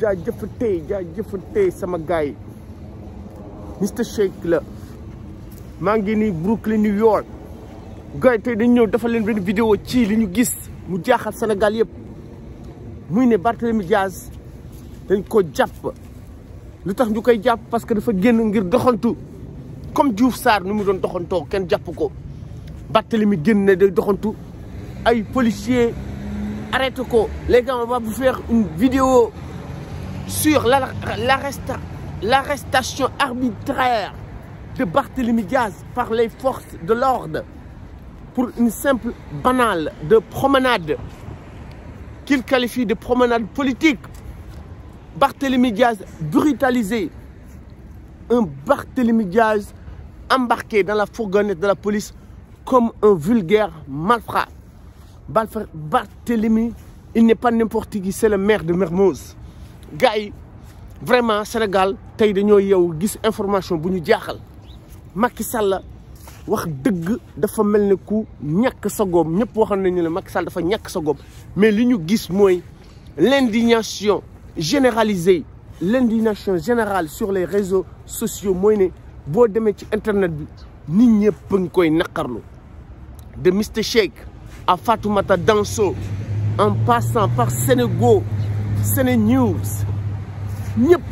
jaajëfatee jaajëfatee sama gaay mr Shake la maa ngi Brooklyn New York gars yi tey dañu ñëw dafa leen benn vidéo ci li ñu gis mu jaaxal Sénégal yépp muy ne Barthélemy Diaz dañ ko japp lu tax ñu koy jàpp parce que dafa génn ngir doxantu comme Diouf sar nu mu doon doxantoo ken japp ko Barthélemy génn né day doxantu ay policiers vous ko gars, on va vous faire une vidéo sur l'arrestation arbitraire de Barthélemy Gaz par les forces de l'ordre pour une simple banale de promenade qu'il qualifie de promenade politique. Barthélémy Gaz brutalisé. Un Barthélémy Gaz embarqué dans la fourgonnette de la police comme un vulgaire malfrat. Barthélémy, il n'est pas n'importe qui, c'est le maire de Mermoz gars vraiment Sénégal tay dañoy yow gis information buñu jaxal Macky Sall wax deug dafa melni ku ñak sa góom ñëpp waxoon nañu ne Macky Sall dafa ñak sa mais liñu gis moy l'indignation généralisée l'indignation générale sur les réseaux sociaux mooy né bo demee ci internet bi nit ñëpp ngi koy naqarlu de Mr. Shake à Fatoumata Danso en passant par Sénégal Sene News ñëpp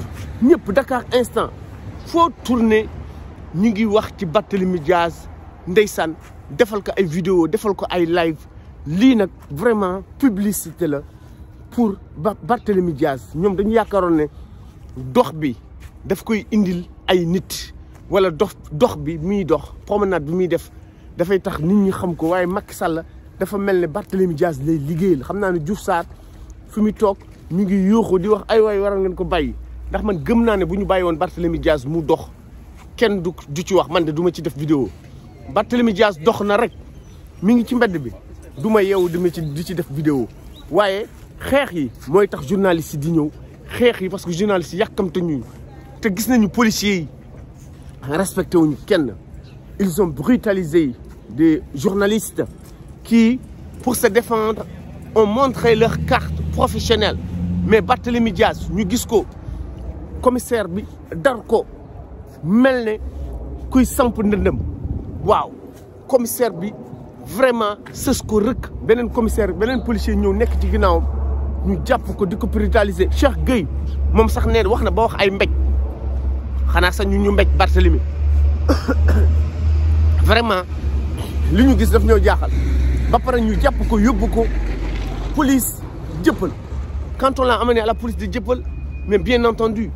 ñëpp Dakar Instant Faut tourner. ñu ngi wax ci Barthélémy Dias ndeysaan defal ko ay vidéo defal ko ay live Li nak vraiment publicité la pour Barthélémy Dias ñoom dañu yaakaaroon ne dox bi def koy indil ay nit wala dox dox bi muy dox promenade bi muy def dafay tax nit ñi xam ko waye Macky Sall dafa melni ne Barthélémy lay liggéeyal xamna ni ne Diouf Sarr fi mu toog ñu ngi yuuxu di wax ay waay waral ngeen ko bàyyi ndax man gëm naa ne bu ñu bàyyi woon Barthélemy Diaz mu dox kenn du du ci wax man de du ma ci def vidéo Barthélemy Diaz dox na rek mi ngi ci mbedd bi du ma yeewu di ma ci di ci def vidéo waaye xeex yi mooy tax journaliste yi di ñëw xeex yi parce que journaliste yi yàkkamte ñu te gis nañu policiers yi respecté wuñu kenn ils ont brutalisé des journalistes qui pour se défendre ont montré leur carte professionnelle mais Barthélemy Diaz ñu gis ko commissaire bi dar ko mel ne kuy samp ndëndëm waaw commissaire bi vraiment sës ko rëkk beneen commissaire beneen policier ñëw nekk ci ginnaawam ñu jàpp ko di ko brutaliser Cheikh Gueye moom sax nee wax na ba wax ay mbéj xanaa sax ñu ñu mbéj Barthélemy vraiment li ñu gis daf ñoo jaaxal ba pare ñu jàpp ko yóbbu ko polis jëppal Quand on l'a amené à la police de Djepol, mais bien entendu,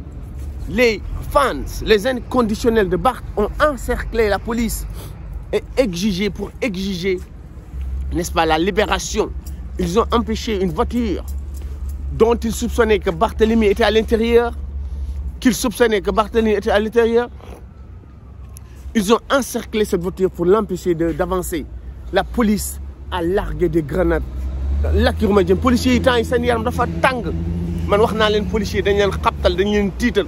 les fans, les inconditionnels de Barthes ont encerclé la police et exigé pour exiger, n'est-ce pas, la libération. Ils ont empêché une voiture dont ils soupçonnaient que Barthélemy était à l'intérieur, qu'ils soupçonnaient que Barthélemy était à l'intérieur. Ils ont encerclé cette voiture pour l'empêcher d'avancer. La police a largué des grenades lakk yu ma jëm policiers yi temps yi seen yaram dafa tàng man wax naa policiers dañ leen xabtal dañ leen tiital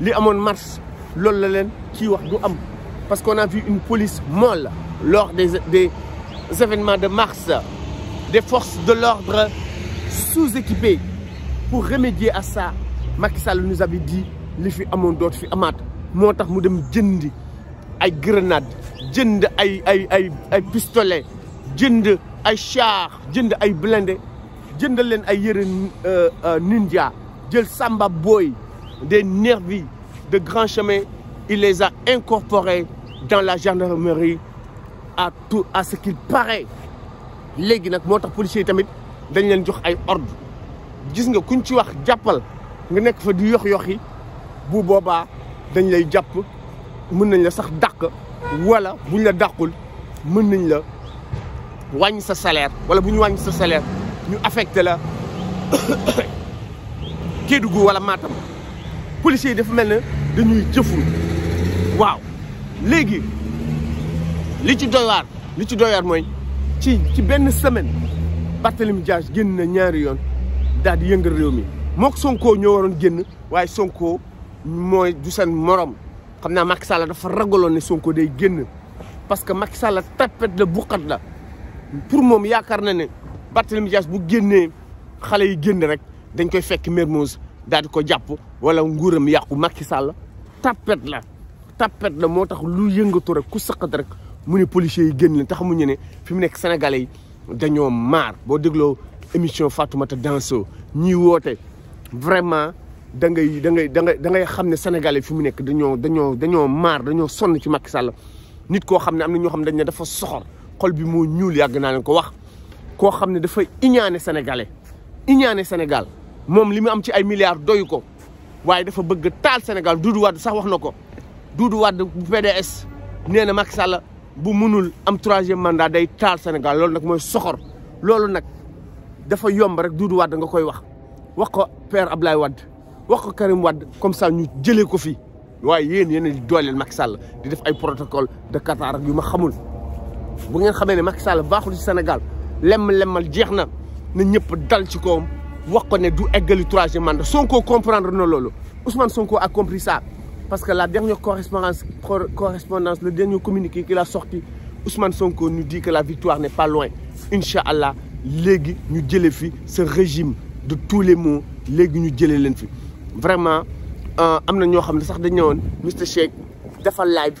li amoon mars loolu la leen kii wax du am parce qu'on a vu une police molle lors des des événements de mars des forces de l'ordre sous-équipées pour remédier à ça Macky Sall nous avait dit li fi amoon doot fi amaat moo tax mu dem jëndi ay grenade jënd ay ay ay ay pistolet jënd ay char jënd ay blindé jëndal leen ay yëre euh, euh, ninja jël Samba Boy des nervis de Grand Chemin il les a incorporés dans la gendarmerie à tout à ce qu'il paraît légui nak motax tax yi tamit dañ leen jox ay ordre gis nga kuñ ci wax jappal nga nek fa di yox yi bu boba dañ lay japp mën nañ la sax dàq wala buñ la dàqul mën nañ la wàññi sa salaire wala buñu ñu sa salaire ñu affecté la Kédougou wala Matam policier dafa mel dañuy jëful waaw légui li ci doy waar li ci doy waar mooy ci ci ben semaine Barthélemy Dias genn na ñaari yoon daal di yëngal réew mi mok Sonko ñoo waron genn waye Sonko moy du sen morom xamna Macky Sall dafa ragalon ni Sonko day genn parce que Macky Sall tapette le buqat la pour moom yaakaar na ne Barthélemy Dias bu génnee xale yi génn rek dañ koy fekk Mermoz daal di ko jàpp wala nguuram yàqu Macky Sall tapet la tapet la moo tax lu yëngatu rek ku sëqat rek mu ni policier yi génn leen te xamuñu ne fi mu nekk sénégalais yi dañoo maar boo dégloo émission Fatoumata Danso ñiy woote vraiment da ngay da ngay da ngay da ngay xam ne sénégalais fi mu nekk dañoo dañoo dañoo maar dañoo sonn ci makki Sall nit koo xam ne am na ñoo xam ne dañ ne dafa soxor xol bi moo ñuul yàgg naa leen ko wax koo xam ne dafa iñaane sénégalais iñaane sénégal moom li mu am ci ay milliards doy ko waaye dafa bëgg taal sénégal Doudou Wade sax wax na ko Doudou Wade bu PDS nee na Macky Sall bu munul am troisième mandat day taal sénégal loolu nag mooy soxor loolu nag dafa yomb rek Doudou Wade nga koy wax wax ko père Ablaye Wade wax ko Karim Wade comme sax ñu jëlee ko fii waaye yéen yéen a dooleel Macky Sall di def ay protocole de Qatar ak yu ma xamul bu ngeen xamee ne Macky Sall baaxul ci Sénégal lem lemmal jeex na na ñëpp dal ci kawam wax ko ne du eggali troisième mandat Sonko comprendre na loolu Ousmane Sonko a compris ça parce que la dernière correspondance correspondance le dernier communiqué qu'il a sorti Ousmane Sonko nous dit que la victoire n'est pas loin inshallah légui nous ñu jëlé fi ce régime de tous les mots nous ñu les leen fi vraiment euh, am na ñoo xam ne sax dañ ñëwoon Mister Shake un live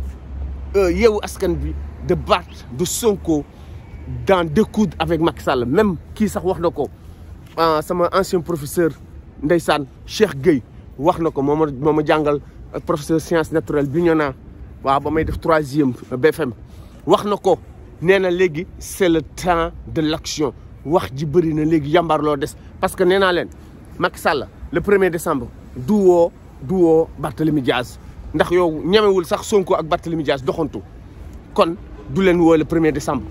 Euh, yeewu askan bi de Barth de Sonko d'en découdre avec Macky Sall même qui sax wax na ko ah, sama ancien professeur ndeysaan Cheikh Gueye wax na ko moo ma moo ma jàngal euh, professeur science naturelle bi ñu naa waaw ba may def troisième euh, BFM wax na ko c'est le temps de l'action wax ji bëri na léegi yàmbar loo parce que nee naa leen Macky Sall le premier décembre du woo du woo Diaz ndax yow ñamewul sax Sonko ak Barthélemy Dias doxantu kon du len woo le premier décembre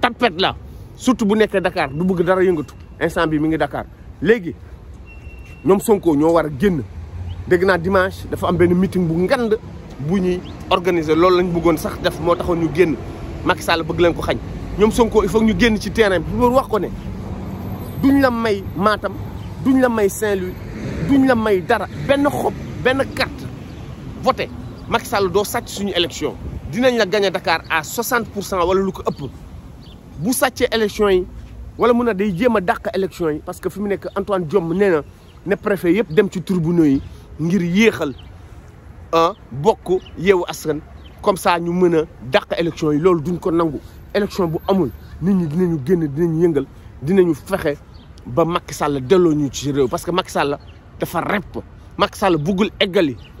tapette la surtout bu nek Dakar du bëgg dara yëngatu instant bi mi ngi Dakar légui ñom Sonko ño wara genn génn na dimanche dafa am ben meeting bu ngand bu ñi organiser loolu lañ bëggoon sax def mo taxoon ñu genn Macky Sall bëgg leen ko xañ ñom Sonko il faut ñu genn ci terrain bu pour wax ko ne duñ la may Matam duñ la may Saint-Louis duñ la may dara ben xop ben carte voté Macky Sall doo sac suñu élection dinañ la gagné Dakar à 60 pour cent wala lu ko ëpp bu sàccee élection yi wala mun a day jéem a daq élection yi parce que fi mu nekk Antoine Diome nee na ne préfet yëpp dem ci tribunaux yi ngir yéexal ah bokk yeewu askan comme ça ñu mën a dàq élection yi loolu duñ ko nangu élection bu amul nit ñi dinañu génn dinañu yëngal dinañu fexe ba Macky Sall delloo ñu ci réew parce que Macky Sall dafa repp Macky Sall buggul eggali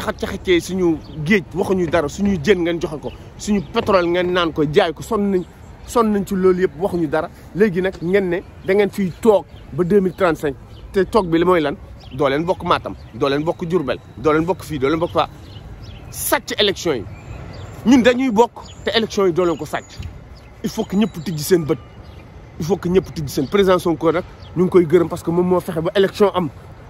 caxat ci suñu géej waxuñu dara suñu jeen ngeen joxe ko suñu pétrole ngeen naan ko jaay ko son nañ son nañ ci loolu yëpp waxuñu dara léegi nag ngeen ne da ngeen fiy toog ba 2035 te toog bi li mooy lan doo leen bokk Matam doo leen bokk jurbel doo leen bokk fii doo leen bokk fa sàcc élection yi ñun dañuy bokk te élection yi doo leen ko sàcc il faut que ñëpp tijji seen bët il faut que ñëpp tijji seen président Sonko nag ñu ngi koy gërëm parce que moom moo fexe ba élection am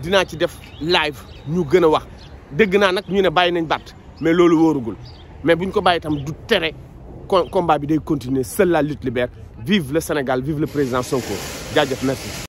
dinaa ci def live ñu gën a wax dégg naa nag ñu ne bàyyi nañ Bart mais loolu wóorugul mais bu ñu ko bàyyi itam du tere combat bi day continuer seule la lutte libère vive le Sénégal vive le président Sonko jaajëf merci